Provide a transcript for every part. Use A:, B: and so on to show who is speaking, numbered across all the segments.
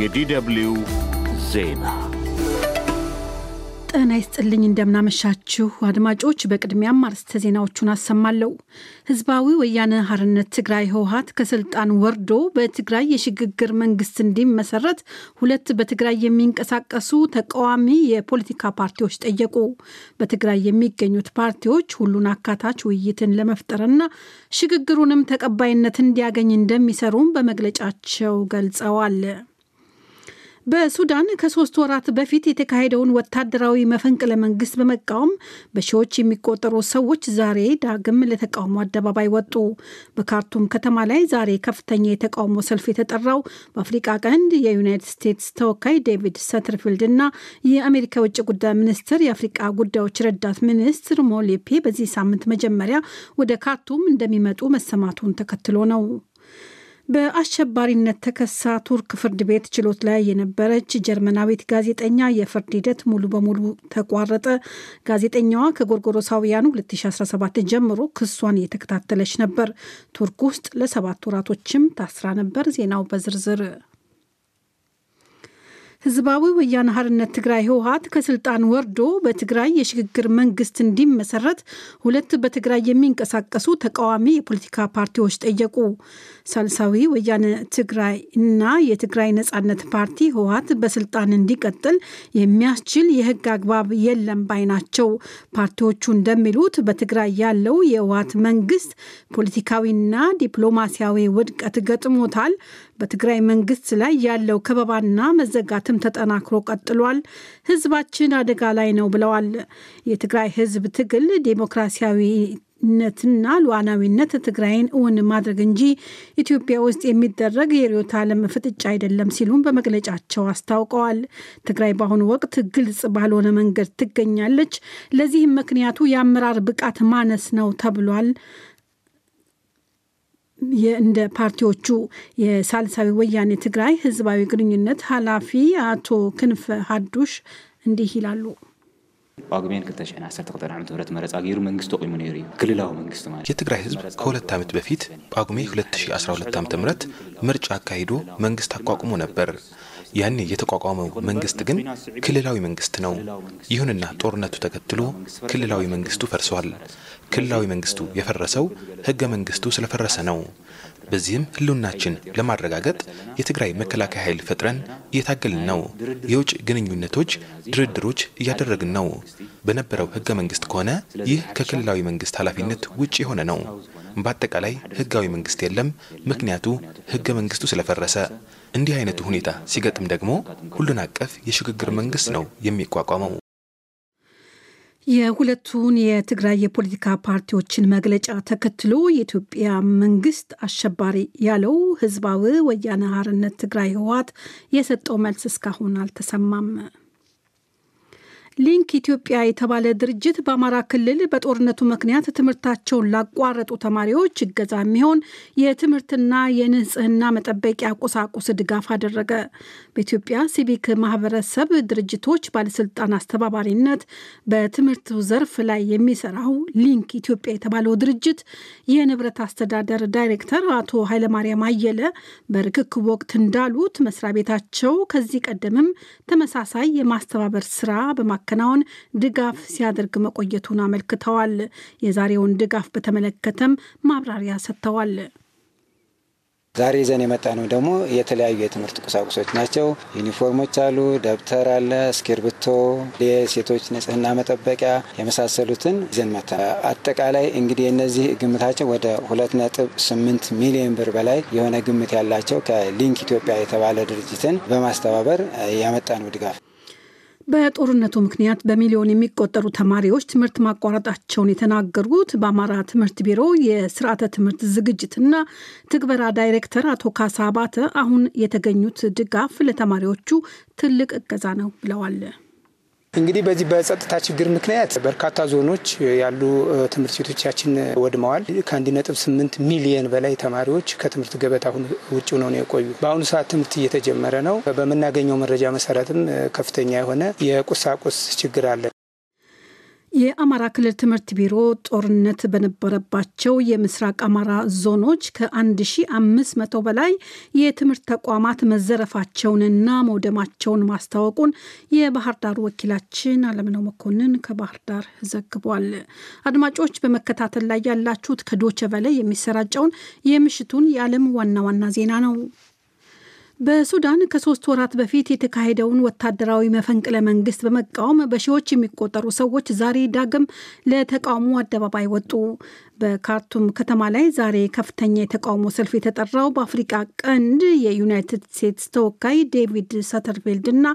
A: የዲደብሊው ዜና ጤና ይስጥልኝ። እንደምናመሻችሁ አድማጮች፣ በቅድሚያ አርዕስተ ዜናዎቹን አሰማለሁ። ህዝባዊ ወያነ ሀርነት ትግራይ ህወሀት ከስልጣን ወርዶ በትግራይ የሽግግር መንግስት እንዲመሰረት ሁለት በትግራይ የሚንቀሳቀሱ ተቃዋሚ የፖለቲካ ፓርቲዎች ጠየቁ። በትግራይ የሚገኙት ፓርቲዎች ሁሉን አካታች ውይይትን ለመፍጠርና ሽግግሩንም ተቀባይነት እንዲያገኝ እንደሚሰሩም በመግለጫቸው ገልጸዋል። በሱዳን ከሶስት ወራት በፊት የተካሄደውን ወታደራዊ መፈንቅለ መንግስት በመቃወም በሺዎች የሚቆጠሩ ሰዎች ዛሬ ዳግም ለተቃውሞ አደባባይ ወጡ። በካርቱም ከተማ ላይ ዛሬ ከፍተኛ የተቃውሞ ሰልፍ የተጠራው በአፍሪቃ ቀንድ የዩናይትድ ስቴትስ ተወካይ ዴቪድ ሰትርፊልድ እና የአሜሪካ የውጭ ጉዳይ ሚኒስትር የአፍሪቃ ጉዳዮች ረዳት ሚኒስትር ሞሌፔ በዚህ ሳምንት መጀመሪያ ወደ ካርቱም እንደሚመጡ መሰማቱን ተከትሎ ነው። በአሸባሪነት ተከሳ ቱርክ ፍርድ ቤት ችሎት ላይ የነበረች ጀርመናዊት ጋዜጠኛ የፍርድ ሂደት ሙሉ በሙሉ ተቋረጠ። ጋዜጠኛዋ ከጎርጎሮሳውያኑ 2017 ጀምሮ ክሷን እየተከታተለች ነበር። ቱርክ ውስጥ ለሰባት ወራቶችም ታስራ ነበር። ዜናው በዝርዝር ህዝባዊ ወያነ ሓርነት ትግራይ ህወሀት ከስልጣን ወርዶ በትግራይ የሽግግር መንግስት እንዲመሰረት ሁለት በትግራይ የሚንቀሳቀሱ ተቃዋሚ የፖለቲካ ፓርቲዎች ጠየቁ። ሳልሳዊ ወያነ ትግራይ እና የትግራይ ነጻነት ፓርቲ ህወሀት በስልጣን እንዲቀጥል የሚያስችል የህግ አግባብ የለም ባይ ናቸው። ፓርቲዎቹ እንደሚሉት በትግራይ ያለው የህወሀት መንግስት ፖለቲካዊና ዲፕሎማሲያዊ ውድቀት ገጥሞታል። በትግራይ መንግስት ላይ ያለው ከበባና መዘጋትም ተጠናክሮ ቀጥሏል። ህዝባችን አደጋ ላይ ነው ብለዋል። የትግራይ ህዝብ ትግል ዴሞክራሲያዊ ነትና ሉዓላዊነት ትግራይን እውን ማድረግ እንጂ ኢትዮጵያ ውስጥ የሚደረግ የርዕዮተ ዓለም ፍጥጫ አይደለም ሲሉም በመግለጫቸው አስታውቀዋል። ትግራይ በአሁኑ ወቅት ግልጽ ባልሆነ መንገድ ትገኛለች። ለዚህም ምክንያቱ የአመራር ብቃት ማነስ ነው ተብሏል። እንደ ፓርቲዎቹ የሳልሳዊ ወያኔ ትግራይ ህዝባዊ ግንኙነት ኃላፊ አቶ ክንፈ ሀዱሽ እንዲህ ይላሉ። ጳጉሜን 2012 ዓ ም መረፃ ገይሩ መንግስት ተቆሙ ነይሩ እዩ ክልላዊ መንግስት ማለት የትግራይ ህዝብ ከሁለት ዓመት በፊት ጳጉሜ 2012 ዓ ም ምርጫ አካሂዶ መንግስት አቋቁሞ ነበር። ያኔ የተቋቋመው መንግስት ግን ክልላዊ መንግስት ነው። ይሁንና ጦርነቱ ተከትሎ ክልላዊ መንግስቱ ፈርሷል። ክልላዊ መንግስቱ የፈረሰው ህገ መንግስቱ ስለፈረሰ ነው። በዚህም ህልውናችን ለማረጋገጥ የትግራይ መከላከያ ኃይል ፈጥረን እየታገልን ነው። የውጭ ግንኙነቶች፣ ድርድሮች እያደረግን ነው። በነበረው ህገ መንግስት ከሆነ ይህ ከክልላዊ መንግስት ኃላፊነት ውጭ የሆነ ነው። በአጠቃላይ ህጋዊ መንግስት የለም። ምክንያቱ ህገ መንግስቱ ስለፈረሰ እንዲህ አይነቱ ሁኔታ ሲገጥም ደግሞ ሁሉን አቀፍ የሽግግር መንግስት ነው የሚቋቋመው። የሁለቱን የትግራይ የፖለቲካ ፓርቲዎችን መግለጫ ተከትሎ የኢትዮጵያ መንግስት አሸባሪ ያለው ህዝባዊ ወያነ ሓርነት ትግራይ ህወሓት የሰጠው መልስ እስካሁን አልተሰማም። ሊንክ ኢትዮጵያ የተባለ ድርጅት በአማራ ክልል በጦርነቱ ምክንያት ትምህርታቸውን ላቋረጡ ተማሪዎች እገዛ የሚሆን የትምህርትና የንጽህና መጠበቂያ ቁሳቁስ ድጋፍ አደረገ። በኢትዮጵያ ሲቪክ ማህበረሰብ ድርጅቶች ባለስልጣን አስተባባሪነት በትምህርቱ ዘርፍ ላይ የሚሰራው ሊንክ ኢትዮጵያ የተባለው ድርጅት የንብረት አስተዳደር ዳይሬክተር አቶ ኃይለማርያም አየለ በርክክብ ወቅት እንዳሉት መስሪያ ቤታቸው ከዚህ ቀደምም ተመሳሳይ የማስተባበር ስራ በማ ለማከናወን ድጋፍ ሲያደርግ መቆየቱን አመልክተዋል። የዛሬውን ድጋፍ በተመለከተም ማብራሪያ ሰጥተዋል። ዛሬ ይዘን የመጣ ነው ደግሞ የተለያዩ የትምህርት ቁሳቁሶች ናቸው። ዩኒፎርሞች አሉ፣ ደብተር አለ፣ እስክርብቶ፣ የሴቶች ንጽህና መጠበቂያ የመሳሰሉትን ይዘን መታ። አጠቃላይ እንግዲህ እነዚህ ግምታቸው ወደ ሁለት ነጥብ ስምንት ሚሊዮን ብር በላይ የሆነ ግምት ያላቸው ከሊንክ ኢትዮጵያ የተባለ ድርጅትን በማስተባበር ያመጣ ነው ድጋፍ በጦርነቱ ምክንያት በሚሊዮን የሚቆጠሩ ተማሪዎች ትምህርት ማቋረጣቸውን የተናገሩት በአማራ ትምህርት ቢሮ የስርዓተ ትምህርት ዝግጅትና ትግበራ ዳይሬክተር አቶ ካሳ አባተ አሁን የተገኙት ድጋፍ ለተማሪዎቹ ትልቅ እገዛ ነው ብለዋል። እንግዲህ በዚህ በጸጥታ ችግር ምክንያት በርካታ ዞኖች ያሉ ትምህርት ቤቶቻችን ወድመዋል። ከአንድ ነጥብ ስምንት ሚሊየን በላይ ተማሪዎች ከትምህርት ገበታ አሁን ውጭ ነው የቆዩ። በአሁኑ ሰዓት ትምህርት እየተጀመረ ነው። በምናገኘው መረጃ መሰረትም ከፍተኛ የሆነ የቁሳቁስ ችግር አለ። የአማራ ክልል ትምህርት ቢሮ ጦርነት በነበረባቸው የምስራቅ አማራ ዞኖች ከ1500 በላይ የትምህርት ተቋማት መዘረፋቸውንና መውደማቸውን ማስታወቁን የባህር ዳር ወኪላችን አለምነው መኮንን ከባህር ዳር ዘግቧል። አድማጮች በመከታተል ላይ ያላችሁት ከዶቸ በላይ የሚሰራጨውን የምሽቱን የዓለም ዋና ዋና ዜና ነው። በሱዳን ከሶስት ወራት በፊት የተካሄደውን ወታደራዊ መፈንቅለ መንግስት በመቃወም በሺዎች የሚቆጠሩ ሰዎች ዛሬ ዳግም ለተቃውሞ አደባባይ ወጡ። በካርቱም ከተማ ላይ ዛሬ ከፍተኛ የተቃውሞ ሰልፍ የተጠራው በአፍሪቃ ቀንድ የዩናይትድ ስቴትስ ተወካይ ዴቪድ ሰተርፌልድ እና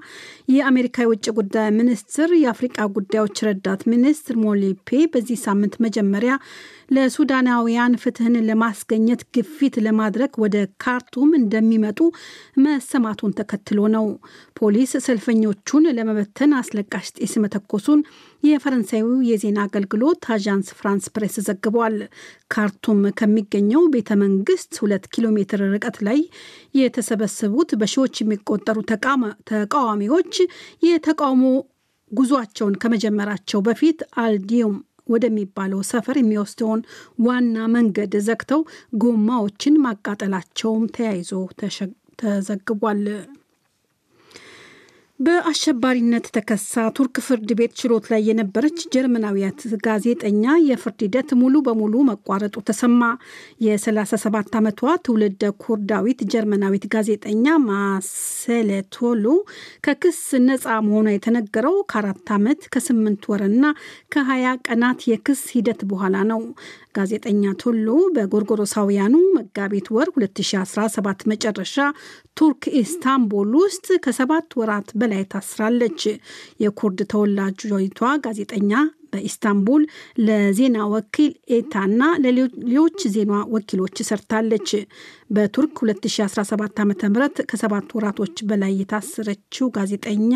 A: የአሜሪካ የውጭ ጉዳይ ሚኒስትር የአፍሪቃ ጉዳዮች ረዳት ሚኒስትር ሞሊፔ በዚህ ሳምንት መጀመሪያ ለሱዳናውያን ፍትህን ለማስገኘት ግፊት ለማድረግ ወደ ካርቱም እንደሚመጡ መሰማቱን ተከትሎ ነው። ፖሊስ ሰልፈኞቹን ለመበተን አስለቃሽ ጢስ መተኮሱን የፈረንሳዩ የዜና አገልግሎት አዣንስ ፍራንስ ፕሬስ ዘግቧል። ካርቱም ከሚገኘው ቤተ መንግስት ሁለት ኪሎ ሜትር ርቀት ላይ የተሰበሰቡት በሺዎች የሚቆጠሩ ተቃዋሚዎች የተቃውሞ ጉዟቸውን ከመጀመራቸው በፊት አልዲዩም ወደሚባለው ሰፈር የሚወስደውን ዋና መንገድ ዘግተው ጎማዎችን ማቃጠላቸውም ተያይዞ ተዘግቧል። በአሸባሪነት ተከሳ ቱርክ ፍርድ ቤት ችሎት ላይ የነበረች ጀርመናዊያት ጋዜጠኛ የፍርድ ሂደት ሙሉ በሙሉ መቋረጡ ተሰማ። የ37 ዓመቷ ትውልደ ኩርዳዊት ጀርመናዊት ጋዜጠኛ ማሰለቶሉ ከክስ ነፃ መሆኗ የተነገረው ከአራት ዓመት ከስምንት ወርና ከ ቀናት የክስ ሂደት በኋላ ነው። ጋዜጠኛ ቶሎ በጎርጎሮሳውያኑ መጋቢት ወር 2017 መጨረሻ ቱርክ ኢስታንቡል ውስጥ ከሰባት ወራት በላይ ታስራለች። የኩርድ ተወላጇይቷ ጋዜጠኛ በኢስታንቡል ለዜና ወኪል ኤታና ለሌሎች ዜና ወኪሎች ሰርታለች። በቱርክ 2017 ዓ ም ከሰባት ወራቶች በላይ የታሰረችው ጋዜጠኛ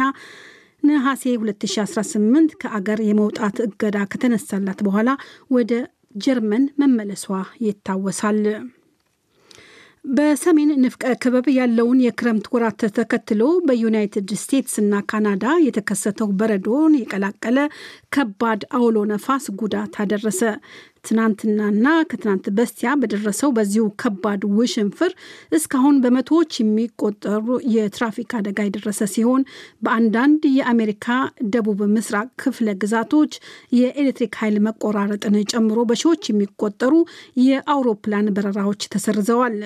A: ነሐሴ 2018 ከአገር የመውጣት እገዳ ከተነሳላት በኋላ ወደ ጀርመን መመለሷ ይታወሳል። በሰሜን ንፍቀ ክበብ ያለውን የክረምት ወራት ተከትሎ በዩናይትድ ስቴትስ እና ካናዳ የተከሰተው በረዶን የቀላቀለ ከባድ አውሎ ነፋስ ጉዳት አደረሰ። ትናንትናና ከትናንት በስቲያ በደረሰው በዚሁ ከባድ ውሽንፍር እስካሁን በመቶዎች የሚቆጠሩ የትራፊክ አደጋ የደረሰ ሲሆን በአንዳንድ የአሜሪካ ደቡብ ምስራቅ ክፍለ ግዛቶች የኤሌክትሪክ ኃይል መቆራረጥን ጨምሮ በሺዎች የሚቆጠሩ የአውሮፕላን በረራዎች ተሰርዘዋል።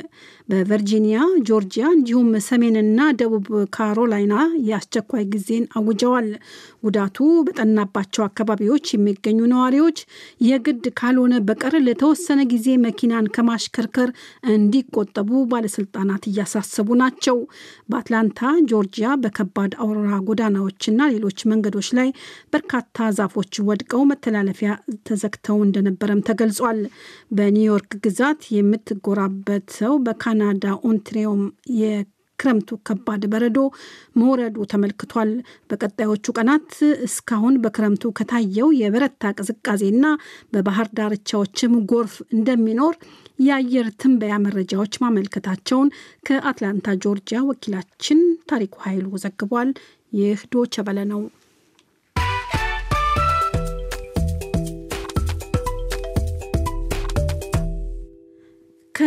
A: በቨርጂኒያ፣ ጆርጂያ እንዲሁም ሰሜንና ደቡብ ካሮላይና የአስቸኳይ ጊዜን አውጀዋል። ጉዳቱ በጠናባቸው አካባቢዎች የሚገኙ ነዋሪዎች የግድ ካልሆነ ካልሆነ በቀር ለተወሰነ ጊዜ መኪናን ከማሽከርከር እንዲቆጠቡ ባለስልጣናት እያሳሰቡ ናቸው። በአትላንታ ጆርጂያ በከባድ አውራ ጎዳናዎችና ሌሎች መንገዶች ላይ በርካታ ዛፎች ወድቀው መተላለፊያ ተዘግተው እንደነበረም ተገልጿል። በኒውዮርክ ግዛት የምትጎራበት ሰው በካናዳ ኦንትሪዮም ክረምቱ ከባድ በረዶ መውረዱ ተመልክቷል። በቀጣዮቹ ቀናት እስካሁን በክረምቱ ከታየው የበረታ ቅዝቃዜና በባህር ዳርቻዎችም ጎርፍ እንደሚኖር የአየር ትንበያ መረጃዎች ማመልከታቸውን ከአትላንታ ጆርጂያ ወኪላችን ታሪኩ ኃይሉ ዘግቧል። ይህ ዶቸ ነው።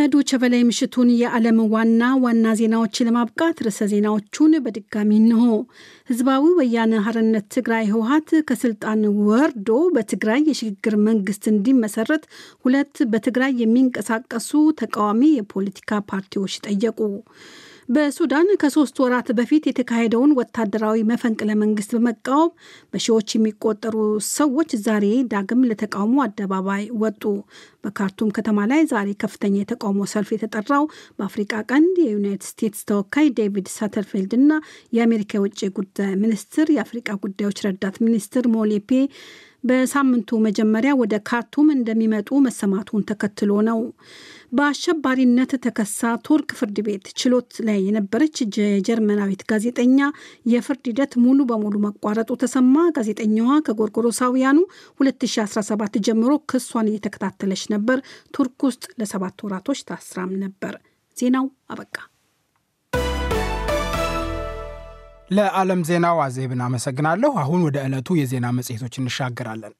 A: ከዶቸ በላይ ምሽቱን የዓለም ዋና ዋና ዜናዎች ለማብቃት ርዕሰ ዜናዎቹን በድጋሚ እንሆ። ህዝባዊ ወያነ ሀርነት ትግራይ ህወሀት ከስልጣን ወርዶ በትግራይ የሽግግር መንግስት እንዲመሰረት ሁለት በትግራይ የሚንቀሳቀሱ ተቃዋሚ የፖለቲካ ፓርቲዎች ጠየቁ። በሱዳን ከሶስት ወራት በፊት የተካሄደውን ወታደራዊ መፈንቅለ መንግስት በመቃወም በሺዎች የሚቆጠሩ ሰዎች ዛሬ ዳግም ለተቃውሞ አደባባይ ወጡ። በካርቱም ከተማ ላይ ዛሬ ከፍተኛ የተቃውሞ ሰልፍ የተጠራው በአፍሪቃ ቀንድ የዩናይትድ ስቴትስ ተወካይ ዴቪድ ሳተርፊልድ እና የአሜሪካ የውጭ ጉዳይ ሚኒስትር የአፍሪቃ ጉዳዮች ረዳት ሚኒስትር ሞሌፔ በሳምንቱ መጀመሪያ ወደ ካርቱም እንደሚመጡ መሰማቱን ተከትሎ ነው። በአሸባሪነት ተከሳ ቱርክ ፍርድ ቤት ችሎት ላይ የነበረች የጀርመናዊት ጋዜጠኛ የፍርድ ሂደት ሙሉ በሙሉ መቋረጡ ተሰማ። ጋዜጠኛዋ ከጎርጎሮሳውያኑ 2017 ጀምሮ ክሷን እየተከታተለች ነበር። ቱርክ ውስጥ ለሰባት ወራቶች ታስራም ነበር። ዜናው አበቃ። ለዓለም ዜና ዋዜብን አመሰግናለሁ። አሁን ወደ ዕለቱ የዜና መጽሔቶች እንሻገራለን።